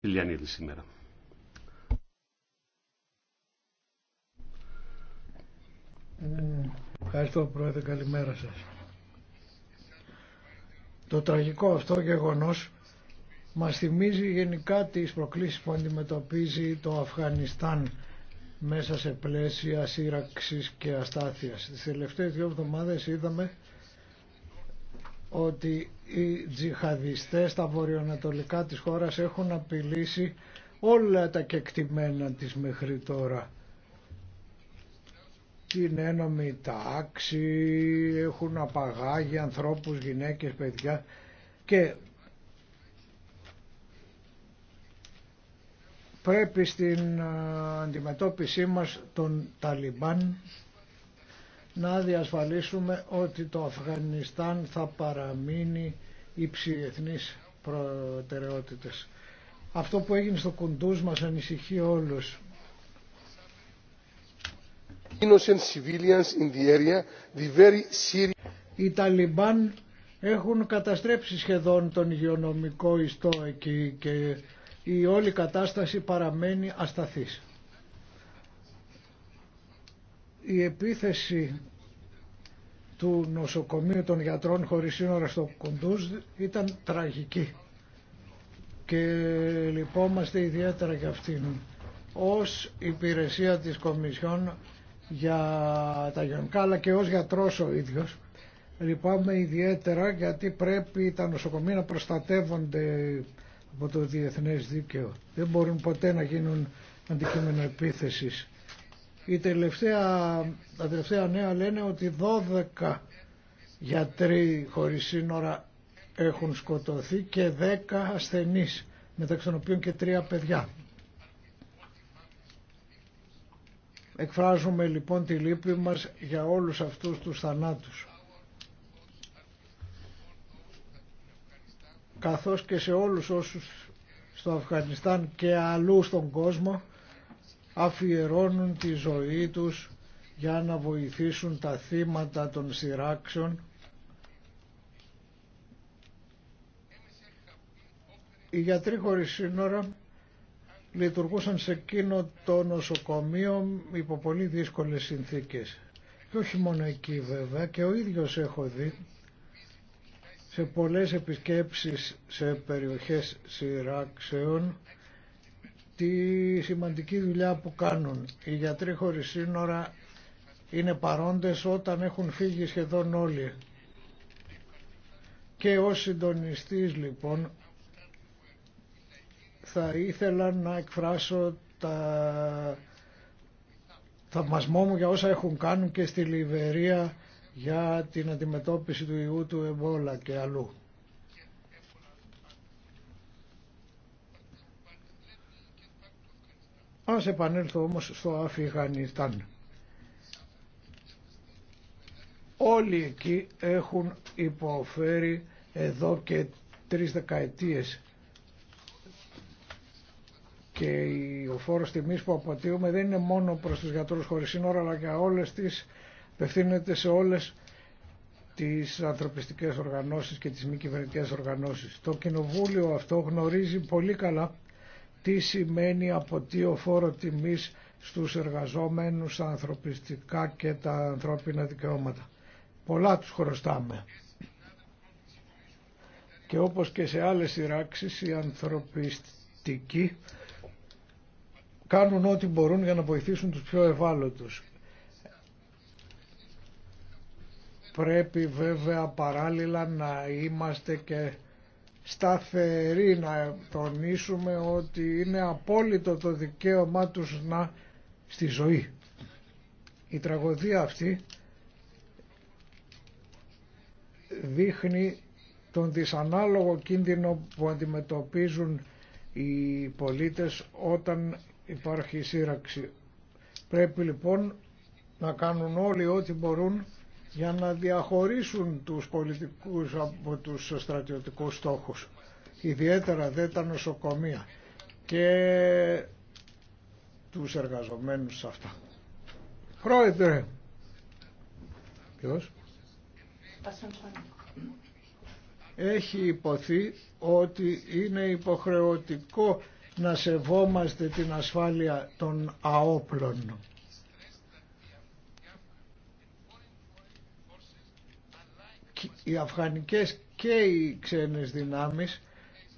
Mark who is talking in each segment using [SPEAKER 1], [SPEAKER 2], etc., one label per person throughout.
[SPEAKER 1] Ηλιανίδη σήμερα.
[SPEAKER 2] Ε, ευχαριστώ Πρόεδρε, καλημέρα σας. Το τραγικό αυτό γεγονός μας θυμίζει γενικά τις προκλήσεις που αντιμετωπίζει το Αφγανιστάν μέσα σε πλαίσια σύραξης και αστάθειας. Τις τελευταίες δύο εβδομάδες είδαμε ότι οι τζιχαδιστές στα βορειοανατολικά της χώρας έχουν απειλήσει όλα τα κεκτημένα της μέχρι τώρα. Την ένομη τάξη, έχουν απαγάγει ανθρώπους, γυναίκες, παιδιά και πρέπει στην ε, αντιμετώπιση μας των Ταλιμπάν να διασφαλίσουμε ότι το Αφγανιστάν θα παραμείνει ύψη εθνής προτεραιότητες. Αυτό που έγινε στο Κουντούς μας ανησυχεί όλους. Οι Ταλιμπάν έχουν καταστρέψει σχεδόν τον υγειονομικό ιστό εκεί και η όλη κατάσταση παραμένει ασταθής. Η επίθεση του νοσοκομείου των γιατρών χωρίς σύνορα στο κοντούς ήταν τραγική και λυπόμαστε ιδιαίτερα για αυτήν. Ως υπηρεσία της Κομισιόν για τα γενικά αλλά και ως γιατρός ο ίδιος λυπάμαι ιδιαίτερα γιατί πρέπει τα νοσοκομεία να προστατεύονται από το διεθνές δίκαιο. Δεν μπορούν ποτέ να γίνουν αντικείμενο επίθεσης. Η τελευταία, τα τελευταία νέα λένε ότι 12 γιατροί χωρίς σύνορα έχουν σκοτωθεί και 10 ασθενείς, μεταξύ των οποίων και 3 παιδιά. Εκφράζουμε λοιπόν τη λύπη μας για όλους αυτούς τους θανάτους. Καθώς και σε όλους όσους στο Αφγανιστάν και αλλού στον κόσμο αφιερώνουν τη ζωή τους για να βοηθήσουν τα θύματα των σειράξεων Οι γιατροί χωρίς σύνορα λειτουργούσαν σε εκείνο το νοσοκομείο υπό πολύ δύσκολες συνθήκες. Και όχι μόνο εκεί βέβαια και ο ίδιος έχω δει σε πολλές επισκέψεις σε περιοχές σειράξεων τη σημαντική δουλειά που κάνουν. Οι γιατροί χωρίς σύνορα είναι παρόντες όταν έχουν φύγει σχεδόν όλοι. Και ως συντονιστής λοιπόν θα ήθελα να εκφράσω τα θαυμασμό μου για όσα έχουν κάνει και στη Λιβερία για την αντιμετώπιση του ιού του εμπόλα και αλλού. Ας επανέλθω όμως στο Αφιγανιστάν. Όλοι εκεί έχουν υποφέρει εδώ και τρεις δεκαετίες και ο φόρος τιμής που αποτείουμε δεν είναι μόνο προς τους γιατρούς χωρίς σύνορα αλλά για όλες τις πευθύνεται σε όλες τις ανθρωπιστικές οργανώσεις και τις μη κυβερνητικές οργανώσεις. Το κοινοβούλιο αυτό γνωρίζει πολύ καλά τι σημαίνει από ο φόρο τιμής στους εργαζόμενους τα ανθρωπιστικά και τα ανθρώπινα δικαιώματα. Πολλά τους χρωστάμε. Και όπως και σε άλλες σειράξεις οι ανθρωπιστικοί κάνουν ό,τι μπορούν για να βοηθήσουν τους πιο ευάλωτους. Πρέπει βέβαια παράλληλα να είμαστε και σταθερή να τονίσουμε ότι είναι απόλυτο το δικαίωμά τους να στη ζωή. Η τραγωδία αυτή δείχνει τον δυσανάλογο κίνδυνο που αντιμετωπίζουν οι πολίτες όταν υπάρχει σύραξη. Πρέπει λοιπόν να κάνουν όλοι ό,τι μπορούν για να διαχωρίσουν τους πολιτικούς από τους στρατιωτικούς στόχους. Ιδιαίτερα δε τα νοσοκομεία και τους εργαζομένους σε αυτά. Πρόεδρε. Ποιος? Έχει υποθεί ότι είναι υποχρεωτικό να σεβόμαστε την ασφάλεια των αόπλων. οι αφγανικές και οι ξένες δυνάμεις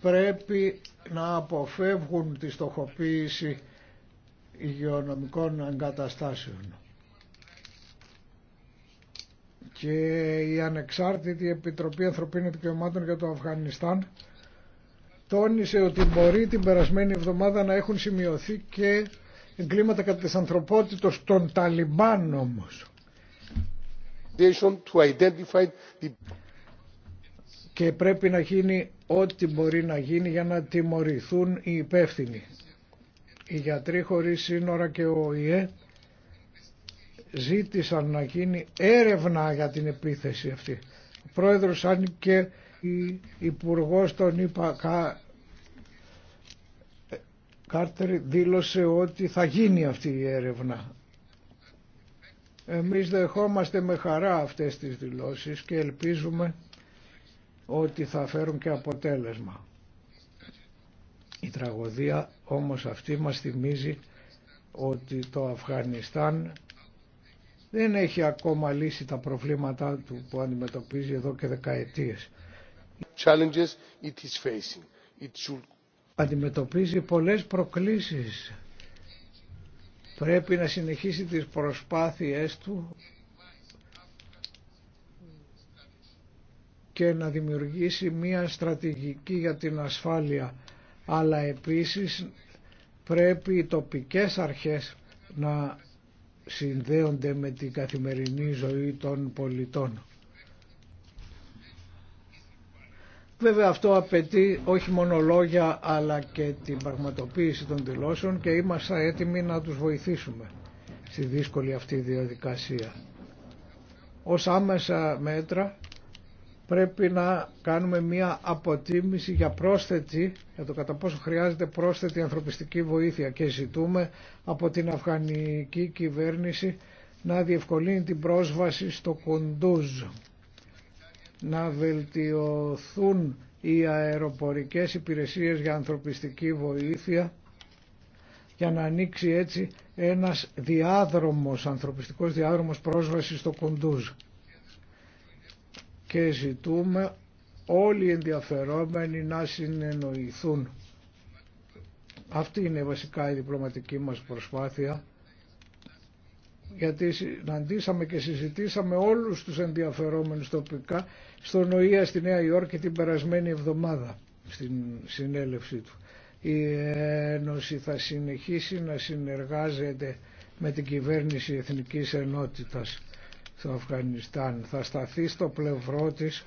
[SPEAKER 2] πρέπει να αποφεύγουν τη στοχοποίηση υγειονομικών εγκαταστάσεων. Και η Ανεξάρτητη Επιτροπή Ανθρωπίνων Δικαιωμάτων για το Αφγανιστάν τόνισε ότι μπορεί την περασμένη εβδομάδα να έχουν σημειωθεί και εγκλήματα κατά της ανθρωπότητος των Ταλιμπάν όμως και πρέπει να γίνει ό,τι μπορεί να γίνει για να τιμωρηθούν οι υπεύθυνοι. Οι γιατροί χωρίς σύνορα και ο ΙΕ ζήτησαν να γίνει έρευνα για την επίθεση αυτή. Ο πρόεδρος αν και η υπουργός των ΙΠΑ Κάρτερ δήλωσε ότι θα γίνει αυτή η έρευνα. Εμείς δεχόμαστε με χαρά αυτές τις δηλώσεις και ελπίζουμε ότι θα φέρουν και αποτέλεσμα. Η τραγωδία όμως αυτή μας θυμίζει ότι το Αφγανιστάν δεν έχει ακόμα λύσει τα προβλήματά του που αντιμετωπίζει εδώ και δεκαετίες. Αντιμετωπίζει πολλές προκλήσεις πρέπει να συνεχίσει τις προσπάθειές του και να δημιουργήσει μία στρατηγική για την ασφάλεια αλλά επίσης πρέπει οι τοπικές αρχές να συνδέονται με την καθημερινή ζωή των πολιτών. Βέβαια αυτό απαιτεί όχι μόνο λόγια αλλά και την πραγματοποίηση των δηλώσεων και είμαστε έτοιμοι να τους βοηθήσουμε στη δύσκολη αυτή διαδικασία. Ως άμεσα μέτρα πρέπει να κάνουμε μία αποτίμηση για πρόσθετη, για το κατά πόσο χρειάζεται πρόσθετη ανθρωπιστική βοήθεια και ζητούμε από την αφγανική κυβέρνηση να διευκολύνει την πρόσβαση στο Κοντούζ να βελτιωθούν οι αεροπορικές υπηρεσίες για ανθρωπιστική βοήθεια για να ανοίξει έτσι ένας διάδρομος, ανθρωπιστικός διάδρομος πρόσβασης στο Κοντούζ. Και ζητούμε όλοι οι ενδιαφερόμενοι να συνεννοηθούν. Αυτή είναι βασικά η διπλωματική μας προσπάθεια γιατί συναντήσαμε και συζητήσαμε όλους τους ενδιαφερόμενους τοπικά στον ΟΗΑ στη Νέα Υόρκη την περασμένη εβδομάδα στην συνέλευση του. Η Ένωση θα συνεχίσει να συνεργάζεται με την κυβέρνηση Εθνικής Ενότητας στο Αφγανιστάν. Θα σταθεί στο πλευρό της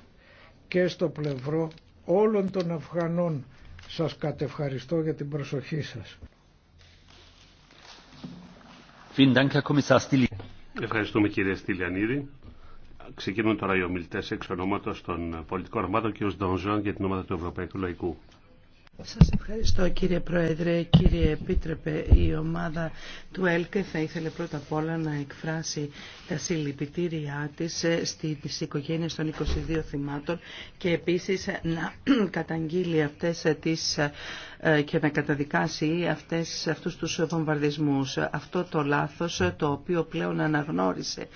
[SPEAKER 2] και στο πλευρό όλων των Αφγανών. Σας κατευχαριστώ για την προσοχή σας.
[SPEAKER 1] Ευχαριστούμε κύριε Στυλιανίδη. Ξεκινούν τώρα οι ομιλητέ εξ ονόματος των πολιτικών ομάδων, ο Ντονζόν για την ομάδα του Ευρωπαϊκού Λαϊκού
[SPEAKER 3] σας ευχαριστώ κύριε Πρόεδρε, κύριε Επίτρεπε. Η ομάδα του ΕΛΚΕ θα ήθελε πρώτα απ' όλα να εκφράσει τα συλληπιτήριά της ε, στις οικογένειες των 22 θυμάτων και επίσης να καταγγείλει αυτές τις ε, και να καταδικάσει αυτές, αυτούς τους βομβαρδισμούς. Αυτό το λάθος το οποίο πλέον αναγνώρισε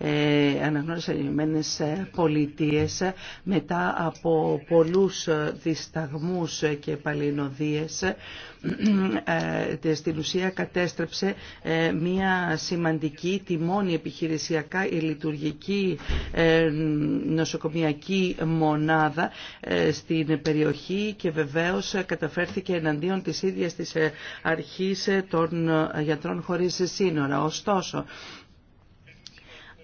[SPEAKER 3] ε, αναγνώρισε οι ε, Πολιτείες ε, μετά από πολλούς δισταγμούς και παλινοδίες στην ουσία κατέστρεψε μια σημαντική μόνη επιχειρησιακά η λειτουργική νοσοκομιακή μονάδα στην περιοχή και βεβαίως καταφέρθηκε εναντίον της ίδιας της αρχής των γιατρών χωρίς σύνορα. Ωστόσο,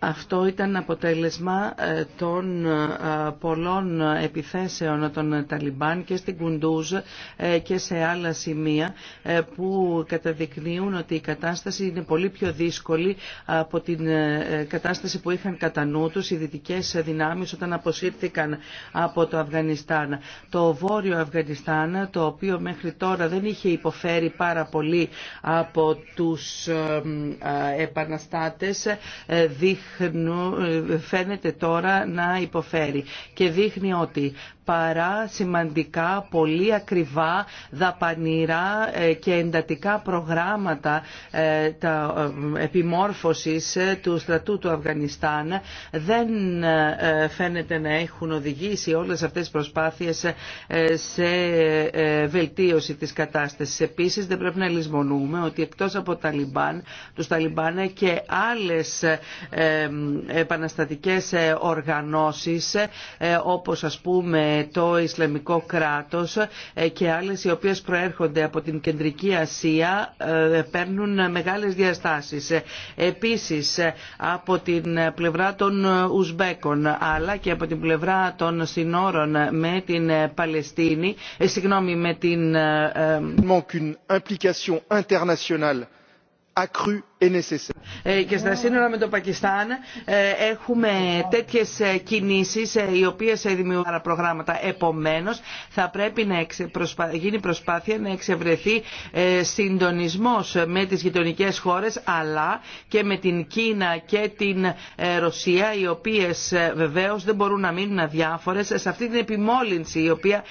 [SPEAKER 3] αυτό ήταν αποτέλεσμα ε, των ε, πολλών επιθέσεων των Ταλιμπάν και στην Κουντούζ ε, και σε άλλα σημεία που καταδεικνύουν ότι η κατάσταση είναι πολύ πιο δύσκολη από την κατάσταση που είχαν κατά νου τους οι δυτικές δυνάμεις όταν αποσύρθηκαν από το Αφγανιστάν. Το Βόρειο Αφγανιστάν, το οποίο μέχρι τώρα δεν είχε υποφέρει πάρα πολύ από τους επαναστάτες, δείχνει ε, φαίνεται τώρα να υποφέρει και δείχνει ότι παρά σημαντικά, πολύ ακριβά, δαπανηρά ε, και εντατικά προγράμματα ε, τα ε, επιμόρφωσης του στρατού του Αφγανιστάν δεν φαίνεται να έχουν οδηγήσει όλες αυτές τις προσπάθειες σε βελτίωση της κατάστασης. Επίσης δεν πρέπει να λησμονούμε ότι εκτός από τα Λιμπάν, τους Ταλιμπάν και άλλες επαναστατικές οργανώσεις όπως ας πούμε το Ισλαμικό κράτος ε, και άλλες οι οποίες προέρχονται από την Κεντρική Ασία ε, παίρνουν μεγάλες διαστάσεις. Επίσης από την πλευρά των Ουσμπέκων αλλά και από την πλευρά των συνόρων με την Παλαιστίνη, ε, συγγνώμη με την... Ε, και στα σύνορα με το Πακιστάν ε, έχουμε τέτοιες ε, κινήσεις οι οποίες δημιουργούν προγράμματα. Επομένως θα πρέπει να γίνει προσπάθεια να εξευρεθεί συντονισμός με τις γειτονικές χώρες αλλά και με την Κίνα και την Ρωσία οι οποίες βεβαίως δεν μπορούν να μείνουν αδιάφορες σε αυτή την επιμόλυνση η οποία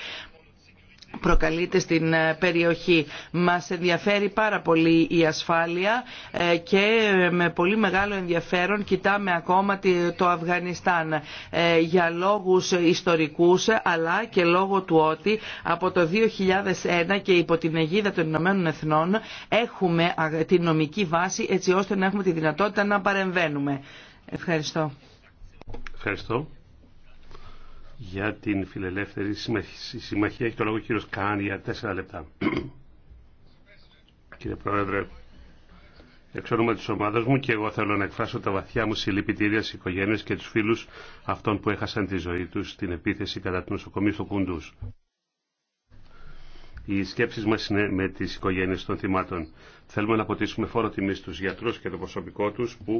[SPEAKER 3] προκαλείται στην ε, περιοχή. Μας ενδιαφέρει πάρα πολύ η ασφάλεια ε, και με πολύ μεγάλο ενδιαφέρον κοιτάμε ακόμα το Αφγανιστάν ε, για λόγους ιστορικούς αλλά και λόγω του ότι από το 2001 και υπό την αιγίδα των Ηνωμένων Εθνών έχουμε την νομική βάση έτσι ώστε να έχουμε τη δυνατότητα να παρεμβαίνουμε. Ευχαριστώ.
[SPEAKER 1] Ευχαριστώ για την φιλελεύθερη συμμαχία. Έχει το λόγο ο κύριος Καν για τέσσερα λεπτά. Κύριε Πρόεδρε, εξ όνομα της ομάδας μου και εγώ θέλω να εκφράσω τα βαθιά μου συλληπιτήρια στις και τους φίλους αυτών που έχασαν τη ζωή τους στην επίθεση κατά του νοσοκομείου στο Κουντούς οι σκέψεις μας είναι με τις οικογένειες των θυμάτων. Θέλουμε να αποτίσουμε φόρο τιμή στους γιατρούς και το προσωπικό τους που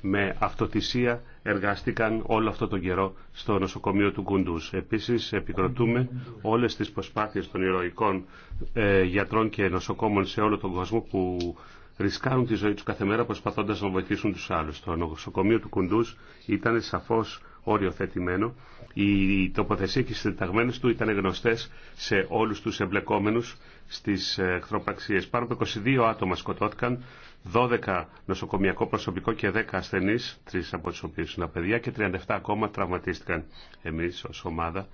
[SPEAKER 1] με αυτοτησία εργάστηκαν όλο αυτό τον καιρό στο νοσοκομείο του Κουντούς. Επίσης επικροτούμε όλες τις προσπάθειες των ηρωικών ε, γιατρών και νοσοκόμων σε όλο τον κόσμο που ρισκάρουν τη ζωή τους κάθε μέρα προσπαθώντας να βοηθήσουν τους άλλους. Το νοσοκομείο του Κουντούς ήταν σαφώς όριοθετημένο η τοποθεσία και οι συνταγμένε του ήταν γνωστέ σε όλου του εμπλεκόμενου στι ε, εχθροπραξίε. Πάνω από 22 άτομα σκοτώθηκαν, 12 νοσοκομιακό προσωπικό και 10 ασθενεί, τρει από του οποίου είναι παιδιά, και 37 ακόμα τραυματίστηκαν. Εμεί ω ομάδα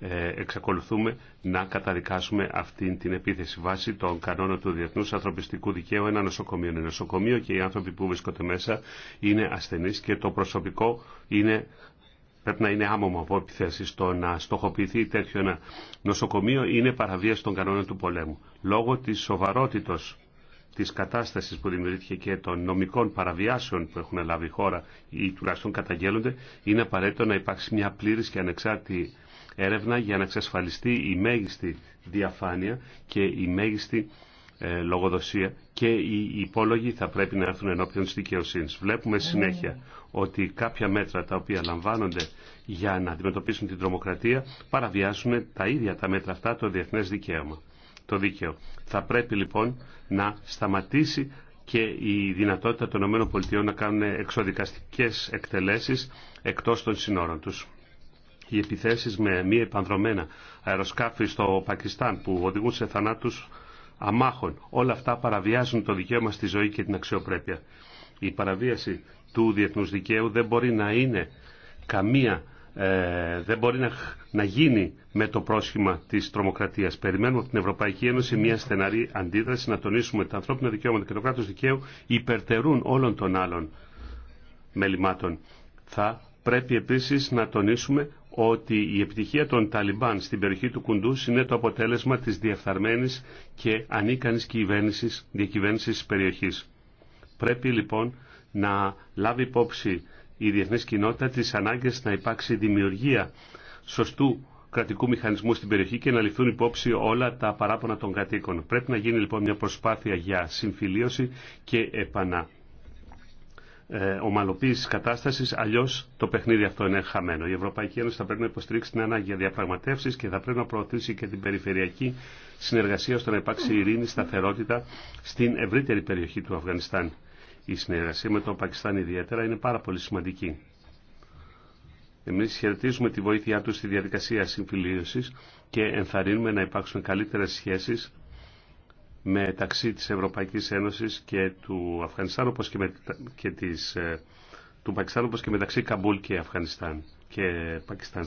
[SPEAKER 1] ε, εξακολουθούμε να καταδικάσουμε αυτή την επίθεση βάσει των κανόνων του Διεθνούς Ανθρωπιστικού Δικαίου ένα νοσοκομείο. Είναι νοσοκομείο και οι άνθρωποι που βρίσκονται μέσα είναι ασθενείς και το προσωπικό είναι πρέπει να είναι άμομο από επιθέσει. Το να στοχοποιηθεί τέτοιο ένα νοσοκομείο είναι παραβίαση των κανόνων του πολέμου. Λόγω τη σοβαρότητα τη κατάσταση που δημιουργήθηκε και των νομικών παραβιάσεων που έχουν λάβει η χώρα ή τουλάχιστον καταγγέλλονται, είναι απαραίτητο να υπάρξει μια πλήρη και ανεξάρτητη έρευνα για να εξασφαλιστεί η μέγιστη διαφάνεια και η μέγιστη ε, λογοδοσία και οι υπόλογοι θα πρέπει να έρθουν ενώπιον της δικαιοσύνης. Βλέπουμε ναι, συνέχεια ναι, ναι. ότι κάποια μέτρα τα οποία λαμβάνονται για να αντιμετωπίσουν την τρομοκρατία παραβιάσουν τα ίδια τα μέτρα αυτά το διεθνές δικαίωμα. Το δίκαιο. Θα πρέπει λοιπόν να σταματήσει και η δυνατότητα των ΗΠΑ να κάνουν εξοδικαστικές εκτελέσεις εκτός των συνόρων τους. Οι επιθέσεις με μία επανδρομένα αεροσκάφη στο Πακιστάν που οδηγούν σε θανάτους αμάχων. Όλα αυτά παραβιάζουν το δικαίωμα στη ζωή και την αξιοπρέπεια. Η παραβίαση του διεθνούς δικαίου δεν μπορεί να είναι καμία, ε, δεν μπορεί να, γίνει με το πρόσχημα της τρομοκρατίας. Περιμένουμε από την Ευρωπαϊκή Ένωση μια στεναρή αντίδραση να τονίσουμε ότι τα ανθρώπινα δικαιώματα και το κράτος δικαίου υπερτερούν όλων των άλλων μελημάτων. Θα πρέπει επίσης να τονίσουμε ότι η επιτυχία των Ταλιμπάν στην περιοχή του κουντού είναι το αποτέλεσμα της διεφθαρμένης και ανίκανης κυβέρνησης, διακυβέρνησης της περιοχής. Πρέπει λοιπόν να λάβει υπόψη η διεθνής κοινότητα τις ανάγκες να υπάρξει δημιουργία σωστού κρατικού μηχανισμού στην περιοχή και να ληφθούν υπόψη όλα τα παράπονα των κατοίκων. Πρέπει να γίνει λοιπόν μια προσπάθεια για συμφιλίωση και επανά ε, ομαλοποίηση κατάσταση, αλλιώ το παιχνίδι αυτό είναι χαμένο. Η Ευρωπαϊκή Ένωση θα πρέπει να υποστηρίξει την ανάγκη για διαπραγματεύσει και θα πρέπει να προωθήσει και την περιφερειακή συνεργασία ώστε να υπάρξει ειρήνη, σταθερότητα στην ευρύτερη περιοχή του Αφγανιστάν. Η συνεργασία με το Πακιστάν ιδιαίτερα είναι πάρα πολύ σημαντική. Εμεί χαιρετίζουμε τη βοήθειά του στη διαδικασία συμφιλίωση και ενθαρρύνουμε να υπάρξουν καλύτερε σχέσει μεταξύ της Ευρωπαϊκής Ένωσης και του Αφγανιστάν όπως και, με, και της, ε, του Πακιστάν όπως και μεταξύ Καμπούλ και Αφγανιστάν και Πακιστάν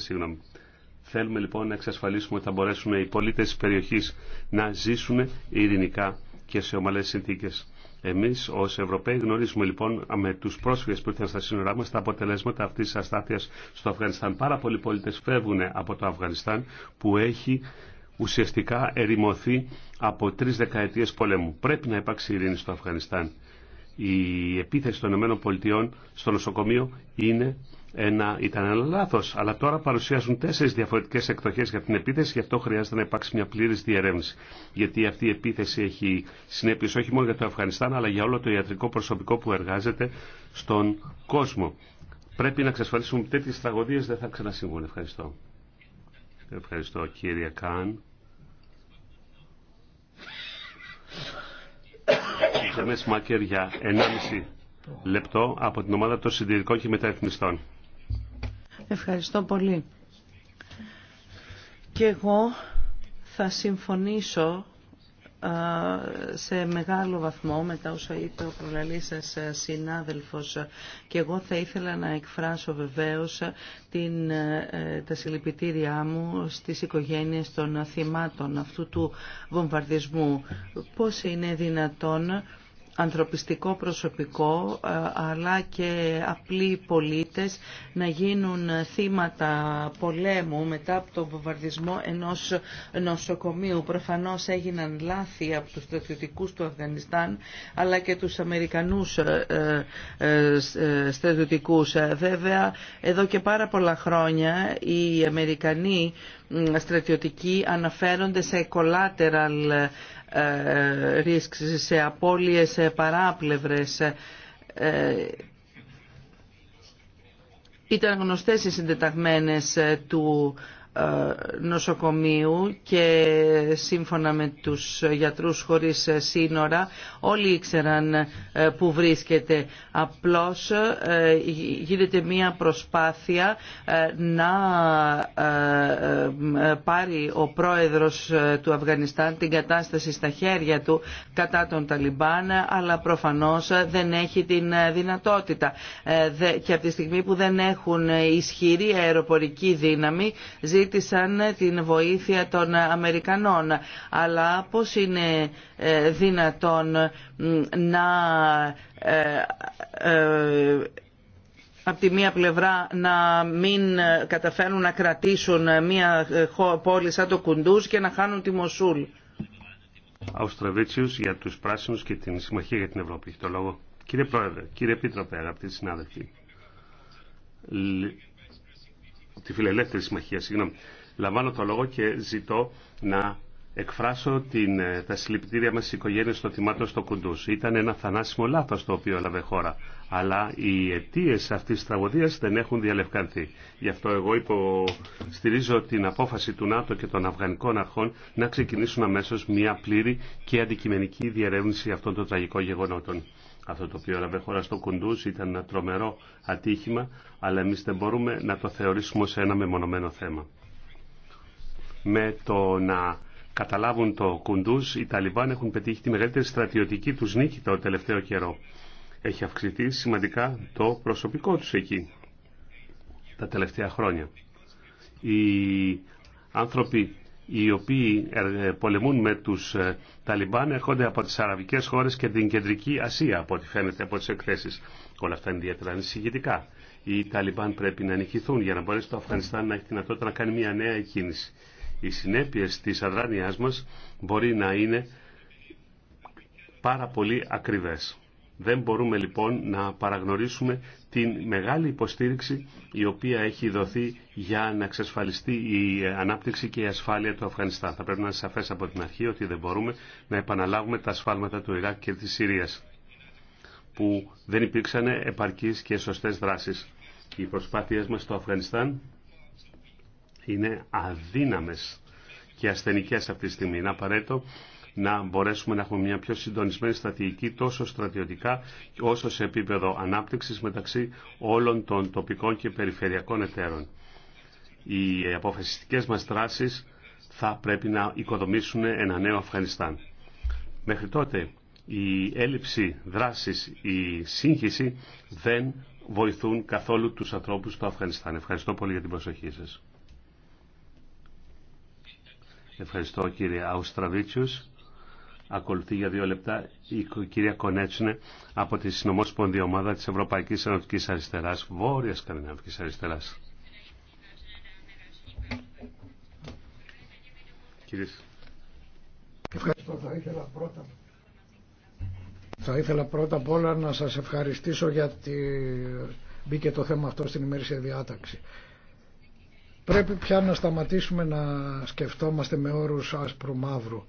[SPEAKER 1] Θέλουμε λοιπόν να εξασφαλίσουμε ότι θα μπορέσουν οι πολίτες της περιοχής να ζήσουν ειρηνικά και σε ομαλές συνθήκες. Εμείς ως Ευρωπαίοι γνωρίζουμε λοιπόν με τους πρόσφυγες που ήρθαν στα σύνορά μας τα αποτελέσματα αυτής της αστάθειας στο Αφγανιστάν. Πάρα πολλοί πολίτες φεύγουν από το Αφγανιστάν που έχει ουσιαστικά ερημωθεί από τρει δεκαετίε πολέμου. Πρέπει να υπάρξει ειρήνη στο Αφγανιστάν. Η επίθεση των ΗΠΑ στο νοσοκομείο είναι ένα, ήταν ένα λάθο. Αλλά τώρα παρουσιάζουν τέσσερι διαφορετικέ εκδοχέ για την επίθεση, γι' αυτό χρειάζεται να υπάρξει μια πλήρη διερεύνηση. Γιατί αυτή η επίθεση έχει συνέπειε όχι μόνο για το Αφγανιστάν, αλλά για όλο το ιατρικό προσωπικό που εργάζεται στον κόσμο. Πρέπει να εξασφαλίσουμε τέτοιε τραγωδίε δεν θα ξανασυμβούν. Ευχαριστώ. Ευχαριστώ κύριε Καν. Είχαμε σμάκερ για 1,5 λεπτό από την ομάδα των συντηρητικών και μεταρρυθμιστών.
[SPEAKER 3] Ευχαριστώ πολύ. Και εγώ θα συμφωνήσω σε μεγάλο βαθμό μετά όσα είπε ο προλαλής σας ε, συνάδελφος και εγώ θα ήθελα να εκφράσω βεβαίως την, ε, τα συλληπιτήριά μου στις οικογένειες των θυμάτων αυτού του βομβαρδισμού. Πώς είναι δυνατόν ανθρωπιστικό προσωπικό ε, αλλά και απλοί πολίτες να γίνουν θύματα πολέμου μετά από τον βομβαρδισμό ενός νοσοκομείου. Προφανώς έγιναν λάθη από τους στρατιωτικούς του Αφγανιστάν αλλά και τους Αμερικανούς ε, ε, στρατιωτικούς. Βέβαια, εδώ και πάρα πολλά χρόνια οι Αμερικανοί στρατιωτικοί αναφέρονται σε collateral ρίσκ, σε απώλειες παράπλευρες. Ε, ήταν γνωστές οι συντεταγμένες ε, του νοσοκομείου και σύμφωνα με τους γιατρούς χωρίς σύνορα όλοι ήξεραν ε, που βρίσκεται. Απλώς ε, γίνεται μία προσπάθεια ε, να πάρει ο πρόεδρος του Αφγανιστάν την κατάσταση στα χέρια του κατά τον Ταλιμπάν αλλά προφανώς δεν έχει την δυνατότητα και από τη στιγμή που δεν έχουν ισχυρή αεροπορική δύναμη ζήτησαν την βοήθεια των Αμερικανών. Αλλά πώς είναι ε, δυνατόν να ε, ε, από τη μία πλευρά να μην καταφέρουν να κρατήσουν μία πόλη σαν το Κουντούς και να χάνουν τη Μοσούλ.
[SPEAKER 1] Αυστραβίτσιους για τους πράσινους και την Συμμαχία για την Ευρώπη. το λόγο. Κύριε Πρόεδρε, κύριε Επίτροπε, αγαπητοί συνάδελφοι τη Φιλελεύθερη Συμμαχία, συγγνώμη. Λαμβάνω το λόγο και ζητώ να εκφράσω την, ε, τα συλληπιτήρια μας στις οικογένειες των θυμάτων στο Κουντούς. Ήταν ένα θανάσιμο λάθος το οποίο έλαβε χώρα. Αλλά οι αιτίε αυτής της τραγωδίας δεν έχουν διαλευκανθεί. Γι' αυτό εγώ υποστηρίζω την απόφαση του ΝΑΤΟ και των Αφγανικών αρχών να ξεκινήσουν αμέσως μια πλήρη και αντικειμενική διερεύνηση αυτών των τραγικών γεγονότων. Αυτό το οποίο έλαβε χώρα στο Κουντούς ήταν ένα τρομερό ατύχημα, αλλά εμείς δεν μπορούμε να το θεωρήσουμε σε ένα μεμονωμένο θέμα. Με το να καταλάβουν το Κουντούς οι Ταλιμπάν έχουν πετύχει τη μεγαλύτερη στρατιωτική τους νίκη το τελευταίο καιρό. Έχει αυξηθεί σημαντικά το προσωπικό τους εκεί τα τελευταία χρόνια. Οι άνθρωποι οι οποίοι ε, πολεμούν με τους ε, Ταλιμπάν έρχονται από τις αραβικές χώρες και την κεντρική Ασία από ό,τι φαίνεται από τις εκθέσεις. Όλα αυτά είναι ιδιαίτερα ανησυχητικά. Οι Ταλιμπάν πρέπει να νικηθούν για να μπορέσει το Αφγανιστάν να έχει δυνατότητα να κάνει μια νέα κίνηση. Οι συνέπειες της αδράνειάς μας μπορεί να είναι πάρα πολύ ακριβές. Δεν μπορούμε λοιπόν να παραγνωρίσουμε την μεγάλη υποστήριξη η οποία έχει δοθεί για να εξασφαλιστεί η ανάπτυξη και η ασφάλεια του Αφγανιστάν. Θα πρέπει να είναι σαφές από την αρχή ότι δεν μπορούμε να επαναλάβουμε τα ασφάλματα του Ιράκ και της Συρίας που δεν υπήρξαν επαρκείς και σωστές δράσεις. Οι προσπάθειές μας στο Αφγανιστάν είναι αδύναμες και ασθενικές αυτή τη στιγμή. Είναι απαραίτητο να μπορέσουμε να έχουμε μια πιο συντονισμένη στρατηγική τόσο στρατιωτικά όσο σε επίπεδο ανάπτυξης μεταξύ όλων των τοπικών και περιφερειακών εταίρων. Οι αποφασιστικές μας δράσεις θα πρέπει να οικοδομήσουν ένα νέο Αφγανιστάν. Μέχρι τότε η έλλειψη δράσης, η σύγχυση δεν βοηθούν καθόλου τους ανθρώπους του Αφγανιστάν. Ευχαριστώ πολύ για την προσοχή σας. Ευχαριστώ κύριε Αουστραβίτσιους. Ακολουθεί για δύο λεπτά η κυρία Κονέτσινε από τη Συνομόσπονδη Ομάδα της Ευρωπαϊκής Ενωτικής Αριστεράς, Βόρειας Σκανδιναβικής Αριστεράς. Κυρίες.
[SPEAKER 2] Ευχαριστώ. Θα ήθελα πρώτα. Θα ήθελα πρώτα απ' όλα να σας ευχαριστήσω γιατί μπήκε το θέμα αυτό στην ημέρησια διάταξη. Πρέπει πια να σταματήσουμε να σκεφτόμαστε με όρους άσπρου μαύρου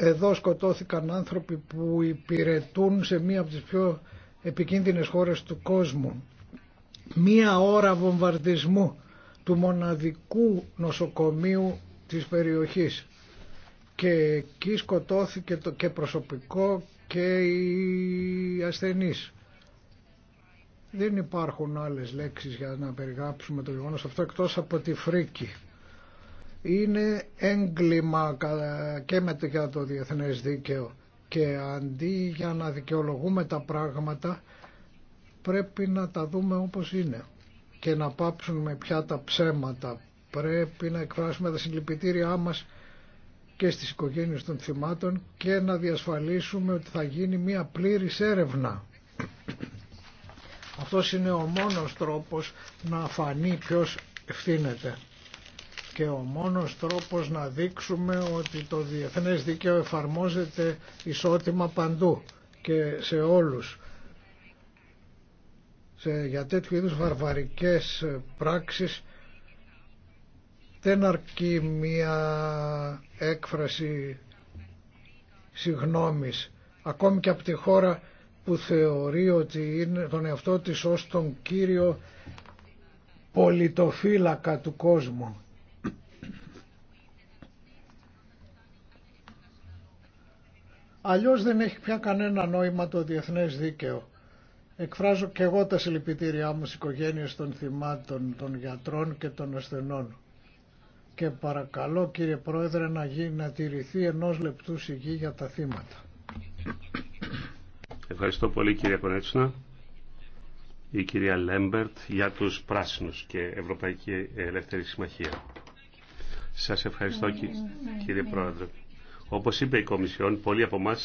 [SPEAKER 2] εδώ σκοτώθηκαν άνθρωποι που υπηρετούν σε μία από τις πιο επικίνδυνες χώρες του κόσμου. Μία ώρα βομβαρδισμού του μοναδικού νοσοκομείου της περιοχής και εκεί σκοτώθηκε το και προσωπικό και οι ασθενείς. Δεν υπάρχουν άλλες λέξεις για να περιγράψουμε το γεγονός αυτό εκτός από τη φρίκη είναι έγκλημα και με το διεθνές δίκαιο και αντί για να δικαιολογούμε τα πράγματα πρέπει να τα δούμε όπως είναι και να πάψουμε πια τα ψέματα πρέπει να εκφράσουμε τα συλληπιτήριά μας και στις οικογένειες των θυμάτων και να διασφαλίσουμε ότι θα γίνει μια πλήρης έρευνα αυτός είναι ο μόνος τρόπος να φανεί ποιος ευθύνεται και ο μόνος τρόπος να δείξουμε ότι το διεθνές δίκαιο εφαρμόζεται ισότιμα παντού και σε όλους. Σε, για τέτοιου είδους βαρβαρικές πράξεις δεν αρκεί μία έκφραση συγνώμης ακόμη και από τη χώρα που θεωρεί ότι είναι τον εαυτό της ως τον κύριο πολιτοφύλακα του κόσμου. Αλλιώς δεν έχει πια κανένα νόημα το διεθνές δίκαιο. Εκφράζω και εγώ τα συλληπιτήριά μου στις οικογένειες των θυμάτων, των γιατρών και των ασθενών. Και παρακαλώ κύριε Πρόεδρε να, γίνει, να τηρηθεί ενός λεπτού σιγή για τα θύματα.
[SPEAKER 1] Ευχαριστώ πολύ κύριε Κονέτσουνα. Η κυρία Λέμπερτ για τους Πράσινους και Ευρωπαϊκή Ελεύθερη Συμμαχία. Σας ευχαριστώ ναι, ναι, ναι, κύριε Πρόεδρε. Όπω είπε η Κομισιόν, πολλοί από εμά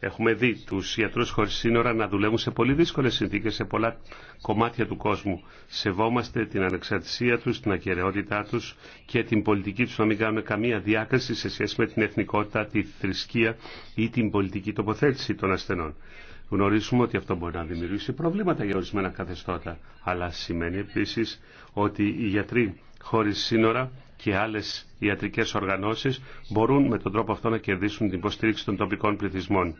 [SPEAKER 1] έχουμε δει του ιατρούς χωρί σύνορα να δουλεύουν σε πολύ δύσκολε συνθήκε σε πολλά κομμάτια του κόσμου. Σεβόμαστε την ανεξαρτησία του, την ακαιρεότητά του και την πολιτική του να μην κάνουμε καμία διάκριση σε σχέση με την εθνικότητα, τη θρησκεία ή την πολιτική τοποθέτηση των ασθενών. Γνωρίζουμε ότι αυτό μπορεί να δημιουργήσει προβλήματα για ορισμένα καθεστώτα, αλλά σημαίνει επίση ότι οι γιατροί χωρί σύνορα και άλλες ιατρικές οργανώσεις μπορούν με τον τρόπο αυτό να κερδίσουν την υποστήριξη των τοπικών πληθυσμών.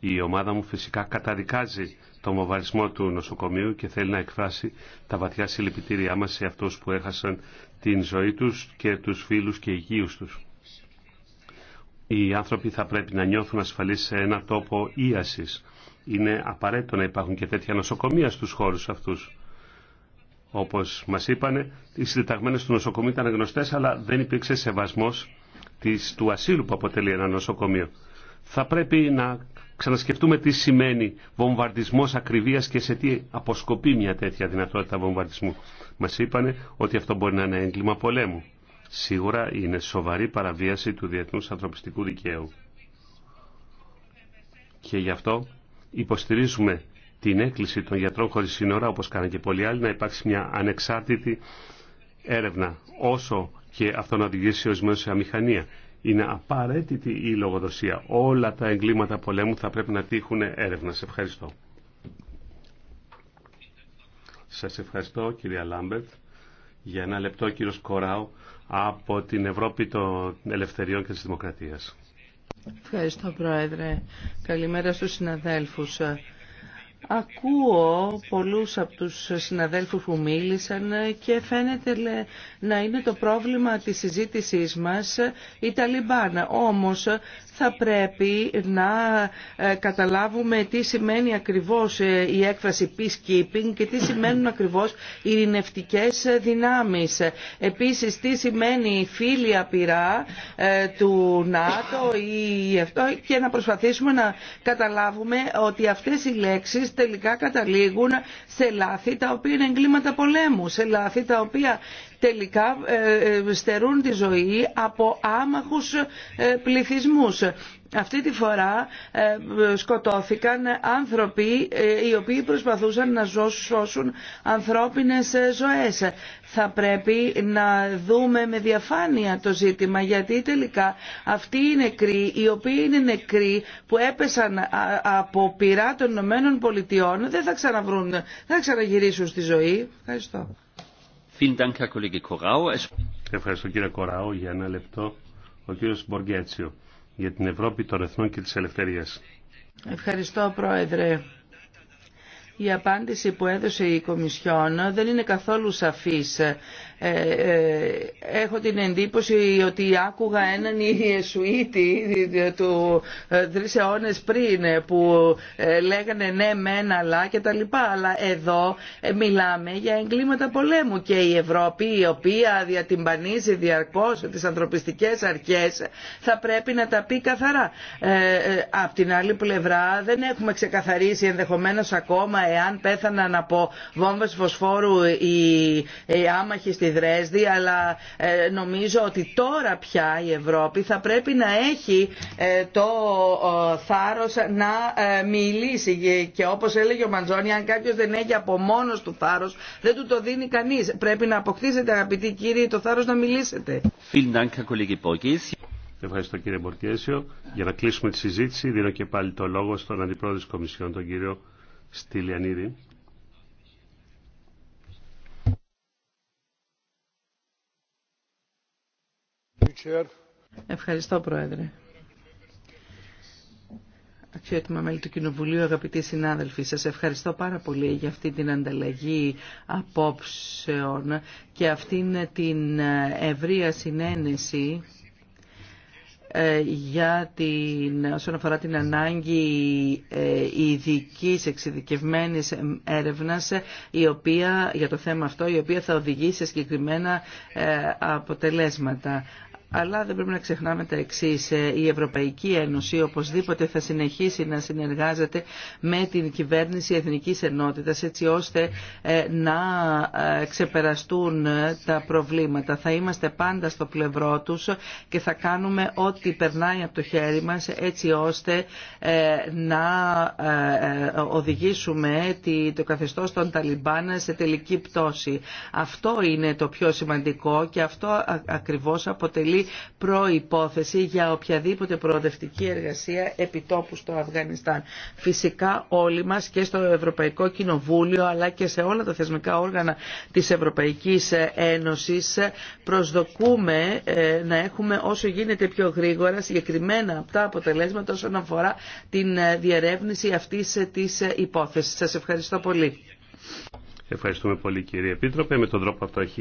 [SPEAKER 1] Η ομάδα μου φυσικά καταδικάζει τον μοβαρισμό του νοσοκομείου και θέλει να εκφράσει τα βαθιά συλληπιτήριά μας σε αυτούς που έχασαν την ζωή τους και τους φίλους και υγείους τους. Οι άνθρωποι θα πρέπει να νιώθουν ασφαλείς σε ένα τόπο ίασης. Είναι απαραίτητο να υπάρχουν και τέτοια νοσοκομεία στους χώρους αυτούς όπως μας είπανε, οι συντεταγμένε του νοσοκομείου ήταν γνωστές, αλλά δεν υπήρξε σεβασμός της, του ασύλου που αποτελεί ένα νοσοκομείο. Θα πρέπει να ξανασκεφτούμε τι σημαίνει βομβαρδισμός ακριβίας και σε τι αποσκοπεί μια τέτοια δυνατότητα βομβαρδισμού. Μας είπανε ότι αυτό μπορεί να είναι έγκλημα πολέμου. Σίγουρα είναι σοβαρή παραβίαση του διεθνούς ανθρωπιστικού δικαίου. Και γι' αυτό υποστηρίζουμε την έκκληση των γιατρών χωρίς σύνορα, όπως κάνανε και πολλοί άλλοι, να υπάρξει μια ανεξάρτητη έρευνα, όσο και αυτό να οδηγήσει ορισμένο σε αμηχανία. Είναι απαραίτητη η λογοδοσία. Όλα τα εγκλήματα πολέμου θα πρέπει να τύχουν έρευνα. Σε ευχαριστώ. Σας ευχαριστώ κυρία Λάμπερτ. Για ένα λεπτό κύριο κύριος Κοράου από την Ευρώπη των Ελευθεριών και της Δημοκρατίας.
[SPEAKER 3] Ευχαριστώ Πρόεδρε. Καλημέρα στους συναδέλφους. Ακούω πολλούς από τους συναδέλφους που μίλησαν και φαίνεται να είναι το πρόβλημα της συζήτησής μας η Ταλιμπάν. Όμως θα πρέπει να ε, καταλάβουμε τι σημαίνει ακριβώς ε, η έκφραση peacekeeping και τι σημαίνουν ακριβώς οι ειρηνευτικές δυνάμεις. Επίσης τι σημαίνει η φίλη απειρά ε, του ΝΑΤΟ ή αυτό και να προσπαθήσουμε να καταλάβουμε ότι αυτές οι λέξεις τελικά καταλήγουν σε λάθη τα οποία είναι εγκλήματα πολέμου, σε λάθη τα οποία τελικά ε, ε, στερούν τη ζωή από άμαχους ε, πληθυσμούς. Αυτή τη φορά ε, σκοτώθηκαν άνθρωποι ε, οι οποίοι προσπαθούσαν να σώσουν ανθρώπινες ε, ζωές. Θα πρέπει να δούμε με διαφάνεια το ζήτημα γιατί τελικά αυτοί οι νεκροί, οι οποίοι είναι νεκροί που έπεσαν από πειρά των Ηνωμένων Πολιτειών δεν θα ξαναβρούν, δεν θα ξαναγυρίσουν στη ζωή. Ευχαριστώ.
[SPEAKER 1] Ευχαριστώ κύριε Κοράου για ένα λεπτό. Ο κύριος για την Ευρώπη των Εθνών και της Ελευθερίας.
[SPEAKER 3] Ευχαριστώ Πρόεδρε η απάντηση που έδωσε η Κομισιόν δεν είναι καθόλου σαφής. Ε, ε, έχω την εντύπωση ότι άκουγα έναν Ιεσουήτη του ε, τρεις αιώνες πριν που ε, λέγανε ναι μεν αλλά και τα λοιπά αλλά εδώ μιλάμε για εγκλήματα πολέμου και η Ευρώπη η οποία διατυμπανίζει διαρκώς τις ανθρωπιστικές αρχές θα πρέπει να τα πει καθαρά. Απ' την άλλη πλευρά δεν έχουμε ξεκαθαρίσει ενδεχομένως ακόμα εάν πέθαναν από βόμβες φωσφόρου οι, άμαχοι στη Δρέσδη αλλά ε, νομίζω ότι τώρα πια η Ευρώπη θα πρέπει να έχει ε, το θάρρος να ε, μιλήσει και όπως έλεγε ο Μαντζόνη αν κάποιος δεν έχει από μόνος του θάρρος δεν του το δίνει κανείς. Πρέπει να αποκτήσετε αγαπητοί κύριοι το θάρρος να μιλήσετε.
[SPEAKER 1] Ευχαριστώ κύριε Μπορκέσιο. Για να κλείσουμε τη συζήτηση δίνω και πάλι το λόγο στον Αντιπρόεδρο της Κομισιόν, τον κύριο στη Λιανίδη.
[SPEAKER 3] Ευχαριστώ, Πρόεδρε. Αξιότιμα μέλη του Κοινοβουλίου, αγαπητοί συνάδελφοι, σας ευχαριστώ πάρα πολύ για αυτή την ανταλλαγή απόψεων και αυτήν την ευρεία συνένεση ε, για την, όσον αφορά την ανάγκη ε, ειδική εξειδικευμένη έρευνας η οποία, για το θέμα αυτό η οποία θα οδηγήσει σε συγκεκριμένα ε, αποτελέσματα αλλά δεν πρέπει να ξεχνάμε τα εξή. Ε, η Ευρωπαϊκή Ένωση οπωσδήποτε θα συνεχίσει να συνεργάζεται με την κυβέρνηση Εθνικής Ενότητας έτσι ώστε ε, να ε, ξεπεραστούν τα προβλήματα. Θα είμαστε πάντα στο πλευρό τους και θα κάνουμε ό,τι περνάει από το χέρι μας έτσι ώστε να οδηγήσουμε το καθεστώς των Ταλιμπάν σε τελική πτώση. Αυτό είναι το πιο σημαντικό και αυτό ακριβώς αποτελεί προϋπόθεση για οποιαδήποτε προοδευτική εργασία επιτόπου στο Αφγανιστάν. Φυσικά όλοι μας και στο Ευρωπαϊκό Κοινοβούλιο αλλά και σε όλα τα θεσμικά όργανα της Ευρωπαϊκής Ένωσης προσδοκούμε ε, να έχουμε όσο γίνεται πιο γρήγορα συγκεκριμένα από τα αποτελέσματα όσον αφορά την ε, διερεύνηση αυτής ε, της υπόθεσης. Σας ευχαριστώ πολύ.
[SPEAKER 1] Ευχαριστούμε πολύ κύριε Επίτροπε. Με τον τρόπο αυτό έχει